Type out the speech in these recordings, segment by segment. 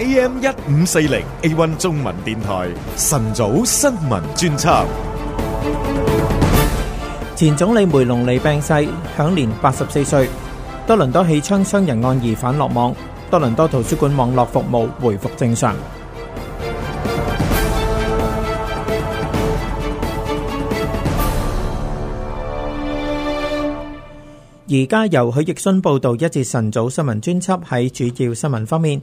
AM 一五四零 A One 中文電台晨早新聞專輯。前總理梅隆利病逝，享年八十四歲。多倫多氣槍傷人案疑犯落網。多倫多圖書館網絡服務恢復正常。而家由許奕迅報道一節晨早新聞專輯。喺主要新聞方面。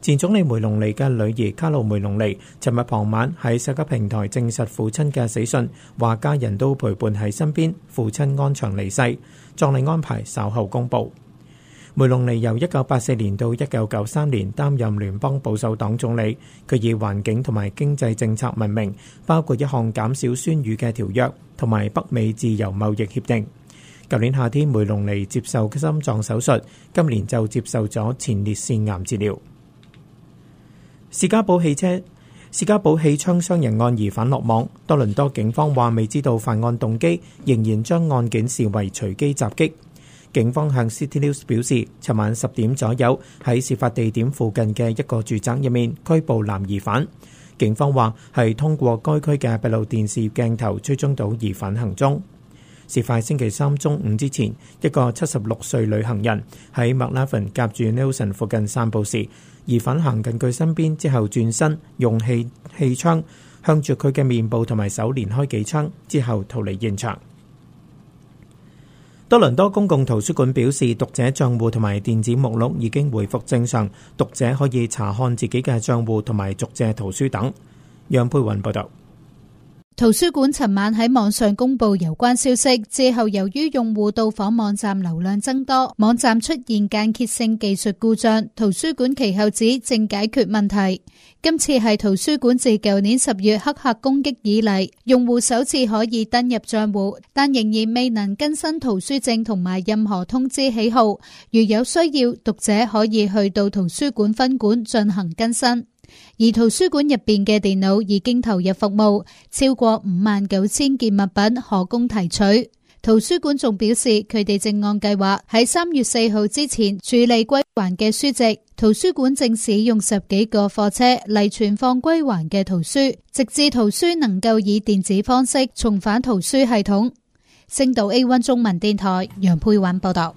前總理梅隆尼嘅女兒卡路梅隆尼，尋日傍晚喺社交平台證實父親嘅死訊，話家人都陪伴喺身邊，父親安詳離世，葬禮安排稍後公佈。梅隆尼由一九八四年到一九九三年擔任聯邦保守黨總理，佢以環境同埋經濟政策聞名，包括一項減少酸雨嘅條約同埋北美自由貿易協定。舊年夏天梅隆尼接受心臟手術，今年就接受咗前列腺癌治療。士嘉堡汽車士嘉堡氣槍傷人案疑犯落網，多倫多警方話未知道犯案動機，仍然將案件視為隨機襲擊。警方向 CityNews 表示，尋晚十點左右喺事發地點附近嘅一個住宅入面拘捕男疑犯，警方話係通過該區嘅閉路電視鏡頭追蹤到疑犯行蹤。事發星期三中午之前，一個七十六歲旅行人喺麥拉芬夾住 Nelson 附近散步時，疑犯行近佢身邊之後轉身用氣氣槍向住佢嘅面部同埋手連開幾槍之後逃離現場。多倫多公共圖書館表示，讀者賬戶同埋電子目錄已經回復正常，讀者可以查看自己嘅賬戶同埋續借圖書等。楊佩雲報道。圖書館尋晚喺網上公布有關消息，之後由於用戶到訪網站流量增多，網站出現間歇性技術故障。圖書館其後指正解決問題。今次係圖書館自舊年十月黑客攻擊以嚟，用戶首次可以登入賬戶，但仍然未能更新圖書證同埋任何通知喜好。如有需要，讀者可以去到圖書館分館進行更新。而圖書館入邊嘅電腦已經投入服務，超過五萬九千件物品可供提取。圖書館仲表示，佢哋正按計劃喺三月四號之前處理歸還嘅書籍。圖書館正使用十幾個貨車嚟存放歸還嘅圖書，直至圖書能夠以電子方式重返圖書系統。星島 A1 中文電台楊佩婉報道。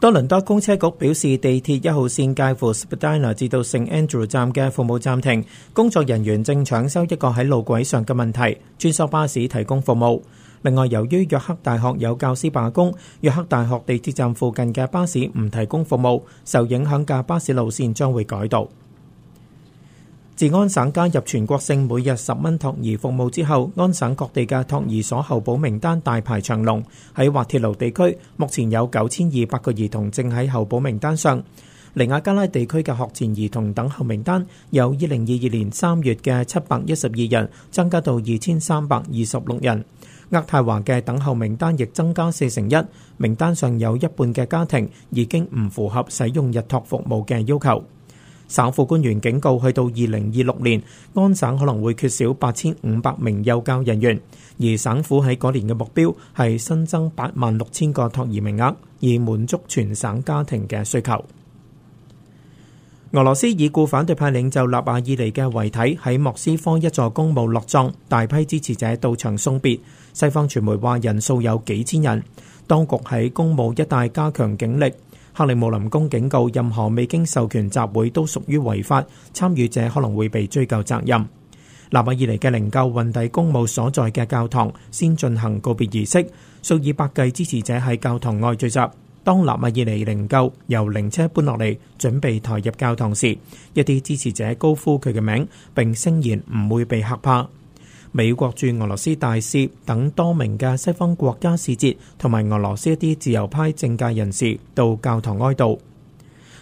多倫多公車局表示，地鐵一號線介乎 Spadina 至到 St. Andrew 站嘅服務暫停，工作人員正搶修一個喺路軌上嘅問題，穿梭巴士提供服務。另外，由於約克大學有教師罷工，約克大學地鐵站附近嘅巴士唔提供服務，受影響嘅巴士路線將會改道。自安省加入全國性每日十蚊托兒服務之後，安省各地嘅托兒所候補名單大排長龍。喺滑鐵盧地區，目前有9,200個兒童正喺候補名單上。尼亞加拉地區嘅學前兒童等候名單由2022年3月嘅712人增加到2,326人。渥太華嘅等候名單亦增加四成一，名單上有一半嘅家庭已經唔符合使用日托服務嘅要求。省府官員警告，去到二零二六年，安省可能會缺少八千五百名幼教人員，而省府喺嗰年嘅目標係新增八萬六千個托兒名額，以滿足全省家庭嘅需求。俄羅斯已故反對派領袖納，納瓦爾尼嘅遺體喺莫斯科一座公墓落葬，大批支持者到場送別，西方傳媒話人數有幾千人，當局喺公墓一帶加強警力。克里姆林宮警告，任何未經授權集會都屬於違法，參與者可能會被追究責任。納瓦爾尼嘅靈柩運抵公墓所在嘅教堂，先進行告別儀式。數以百計支持者喺教堂外聚集。當納瓦爾尼靈柩由靈車搬落嚟，準備抬入教堂時，一啲支持者高呼佢嘅名，並聲言唔會被嚇怕。美國駐俄羅斯大使等多名嘅西方國家使節同埋俄羅斯一啲自由派政界人士到教堂哀悼。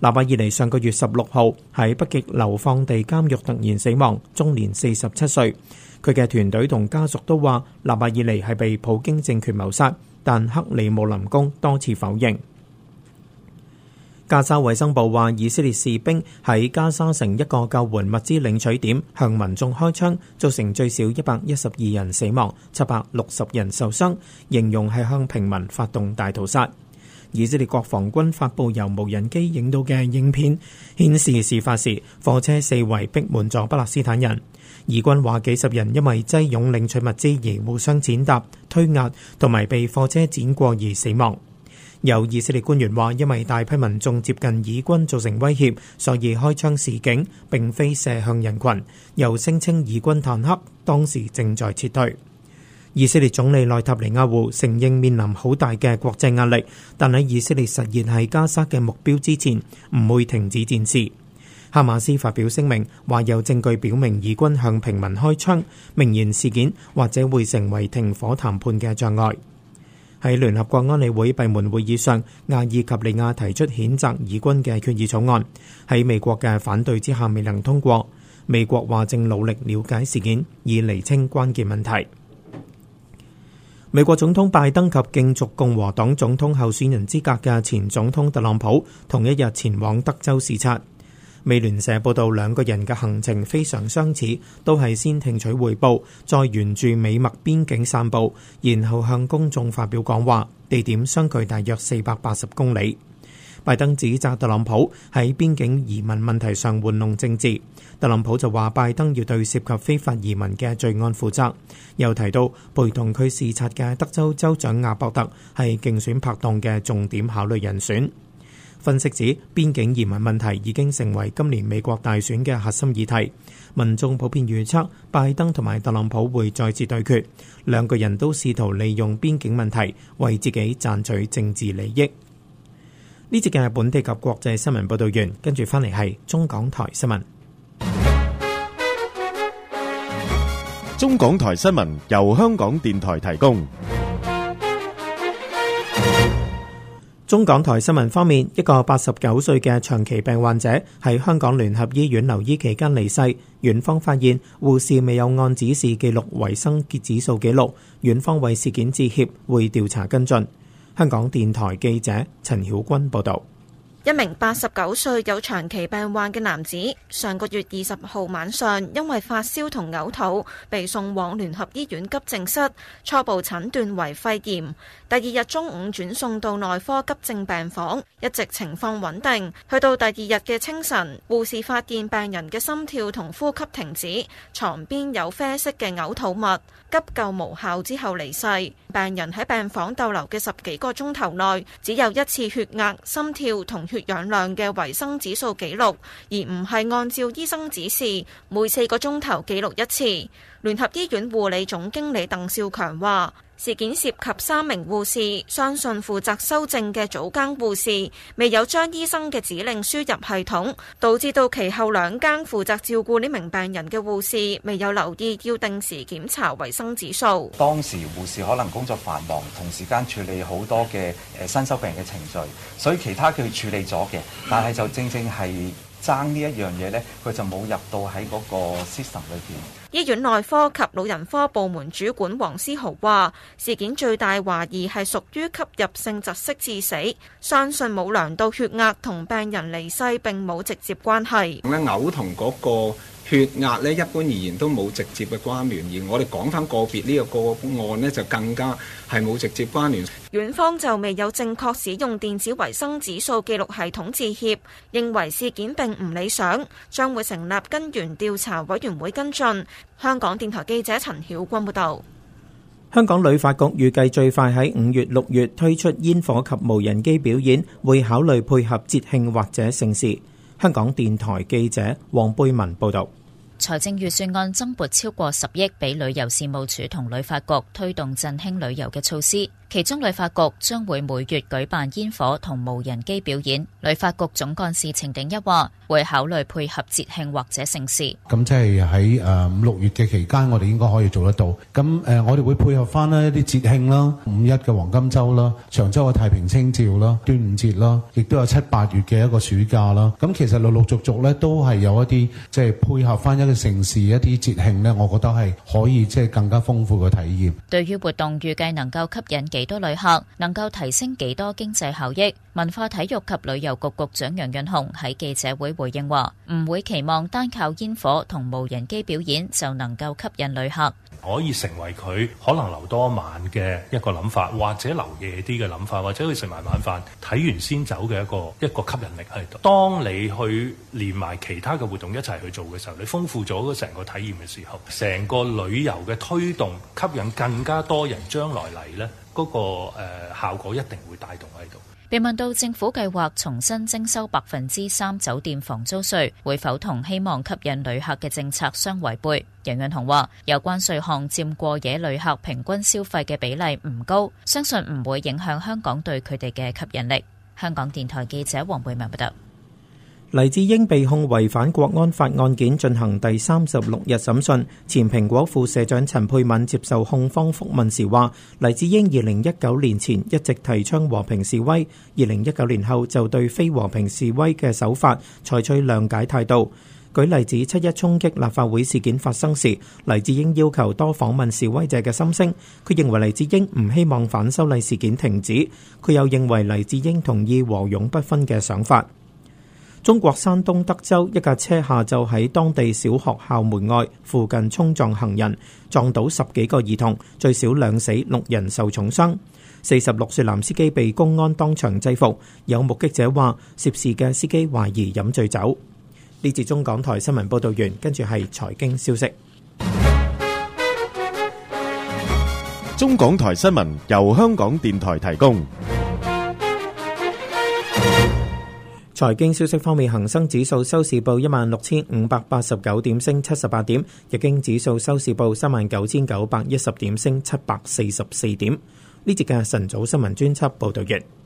納瓦爾尼上個月十六號喺北極流放地監獄突然死亡，終年四十七歲。佢嘅團隊同家族都話納瓦爾尼係被普京政權謀殺，但克里姆林宮多次否認。加沙衛生部話，以色列士兵喺加沙城一個救援物資領取點向民眾開槍，造成最少一百一十二人死亡、七百六十人受傷，形容係向平民發動大屠殺。以色列國防軍發布由無人機影到嘅影片，顯示事發時貨車四圍逼滿咗巴勒斯坦人。以軍話，幾十人因為擠擁領取物資而互相踐踏、推壓，同埋被貨車碾過而死亡。有以色列官員話：因為大批民眾接近以軍造成威脅，所以開槍示警，並非射向人群。又聲稱以軍坦克當時正在撤退。以色列總理內塔尼亞胡承認面臨好大嘅國際壓力，但喺以色列實現喺加沙嘅目標之前，唔會停止戰事。哈馬斯發表聲明話：有證據表明以軍向平民開槍，明言事件或者會成為停火談判嘅障礙。喺聯合國安理會閉門會議上，阿爾及利亞提出譴責以軍嘅決議草案，喺美國嘅反對之下未能通過。美國話正努力了解事件，以釐清關鍵問題。美國總統拜登及競逐共和黨總統候選人資格嘅前總統特朗普同一日前往德州視察。美聯社報道，兩個人嘅行程非常相似，都係先聽取匯報，再沿住美墨邊境散步，然後向公眾發表講話。地點相距大約四百八十公里。拜登指責特朗普喺邊境移民問題上玩弄政治，特朗普就話拜登要對涉及非法移民嘅罪案負責，又提到陪同佢視察嘅德州州，州長阿伯特係競選拍檔嘅重點考慮人選。分析指，邊境移民問題已經成為今年美國大選嘅核心議題。民眾普遍預測，拜登同埋特朗普會再次對決，兩個人都試圖利用邊境問題為自己賺取政治利益。呢節嘅係本地及國際新聞報道員，跟住翻嚟係中港台新聞。中港台新聞由香港電台提供。中港台新聞方面，一個八十九歲嘅長期病患者喺香港聯合醫院留醫期間離世，院方發現護士未有按指示記錄維生指數記錄，院方為事件致歉，會調查跟進。香港電台記者陳曉君報道：一名八十九歲有長期病患嘅男子，上個月二十號晚上因為發燒同嘔吐，被送往聯合醫院急症室，初步診斷為肺炎。第二日中午轉送到內科急症病房，一直情況穩定。去到第二日嘅清晨，護士發現病人嘅心跳同呼吸停止，床邊有啡色嘅嘔吐物，急救無效之後離世。病人喺病房逗留嘅十幾個鐘頭內，只有一次血壓、心跳同血氧量嘅維生指數記錄，而唔係按照醫生指示，每四個鐘頭記錄一次。聯合醫院護理總經理鄧少強話：事件涉及三名護士，相信負責修正嘅早更護士未有將醫生嘅指令輸入系統，導致到其後兩間負責照顧呢名病人嘅護士未有留意要定時檢查衛生指數。當時護士可能工作繁忙，同時間處理好多嘅，誒新收病嘅程序，所以其他佢處理咗嘅，但係就正正係。爭呢一樣嘢呢，佢就冇入到喺嗰個 system 裏邊。醫院內科及老人科部門主管黃思豪話，事件最大懷疑係屬於吸入性窒息致死，相信冇量到血壓同病人離世並冇直接關係。咁咧，同 嗰 血壓呢一般而言都冇直接嘅關聯，而我哋講翻個別呢、呢個個案呢，就更加係冇直接關聯。院方就未有正確使用電子衞生指數記錄系統，致歉，認為事件並唔理想，將會成立根源調查委員會跟進。香港電台記者陳曉君報道。香港旅發局預計最快喺五月、六月推出煙火及無人機表演，會考慮配合節慶或者盛事。香港電台記者黃貝文報道，財政預算案增撥超過十億，俾旅遊事務處同旅發局推動振興旅遊嘅措施。其中旅發局將會每月舉辦煙火同無人機表演。旅發局總幹事程鼎一話，會考慮配合節慶或者盛事。咁即係喺誒五六月嘅期間，我哋應該可以做得到。咁誒，我哋會配合翻咧一啲節慶啦，五一嘅黃金周啦，長洲嘅太平清醮啦，端午節啦，亦都有七八月嘅一個暑假啦。咁其實陸陸續續咧，都係有一啲即係配合翻一個盛事一啲節慶呢，我覺得係可以即係更加豐富嘅體驗。對於活動，預計能夠吸引幾幾多旅客能夠提升幾多經濟效益？文化體育及旅遊局局長楊潤雄喺記者會回應話：唔會期望單靠煙火同無人機表演就能夠吸引旅客。可以成為佢可能留多晚嘅一個諗法，或者留夜啲嘅諗法，或者佢食埋晚飯、睇完先走嘅一個一個吸引力喺度。當你去連埋其他嘅活動一齊去做嘅時候，你豐富咗成個體驗嘅時候，成個旅遊嘅推動吸引更加多人將來嚟呢。嗰個效果一定會帶動喺度。被問到政府計劃重新徵收百分之三酒店房租稅，會否同希望吸引旅客嘅政策相違背？楊潤雄話：有關稅項佔過夜旅客平均消費嘅比例唔高，相信唔會影響香港對佢哋嘅吸引力。香港電台記者黃貝文報道。黎智英被控違反國安法案件進行第三十六日審訊。前蘋果副社長陳佩敏接受控方覆問時話：黎智英二零一九年前一直提倡和平示威，二零一九年後就對非和平示威嘅手法採取諒解態度。舉例子，七一衝擊立法會事件發生時，黎智英要求多訪問示威者嘅心聲。佢認為黎智英唔希望反修例事件停止。佢又認為黎智英同意和勇不分嘅想法。中國山東德州一架車下晝喺當地小學校門外附近衝撞行人，撞到十幾個兒童，最少兩死六人受重傷，四十六歲男司機被公安當場制服。有目擊者話涉事嘅司機懷疑飲醉酒。呢次中港台新聞報道完，跟住係財經消息。中港台新聞由香港電台提供。財經消息方面，恒生指數收市報一萬六千五百八十九點，升七十八點；日經指數收市報三萬九千九百一十點，升七百四十四點。呢節嘅晨早新聞專輯報道完。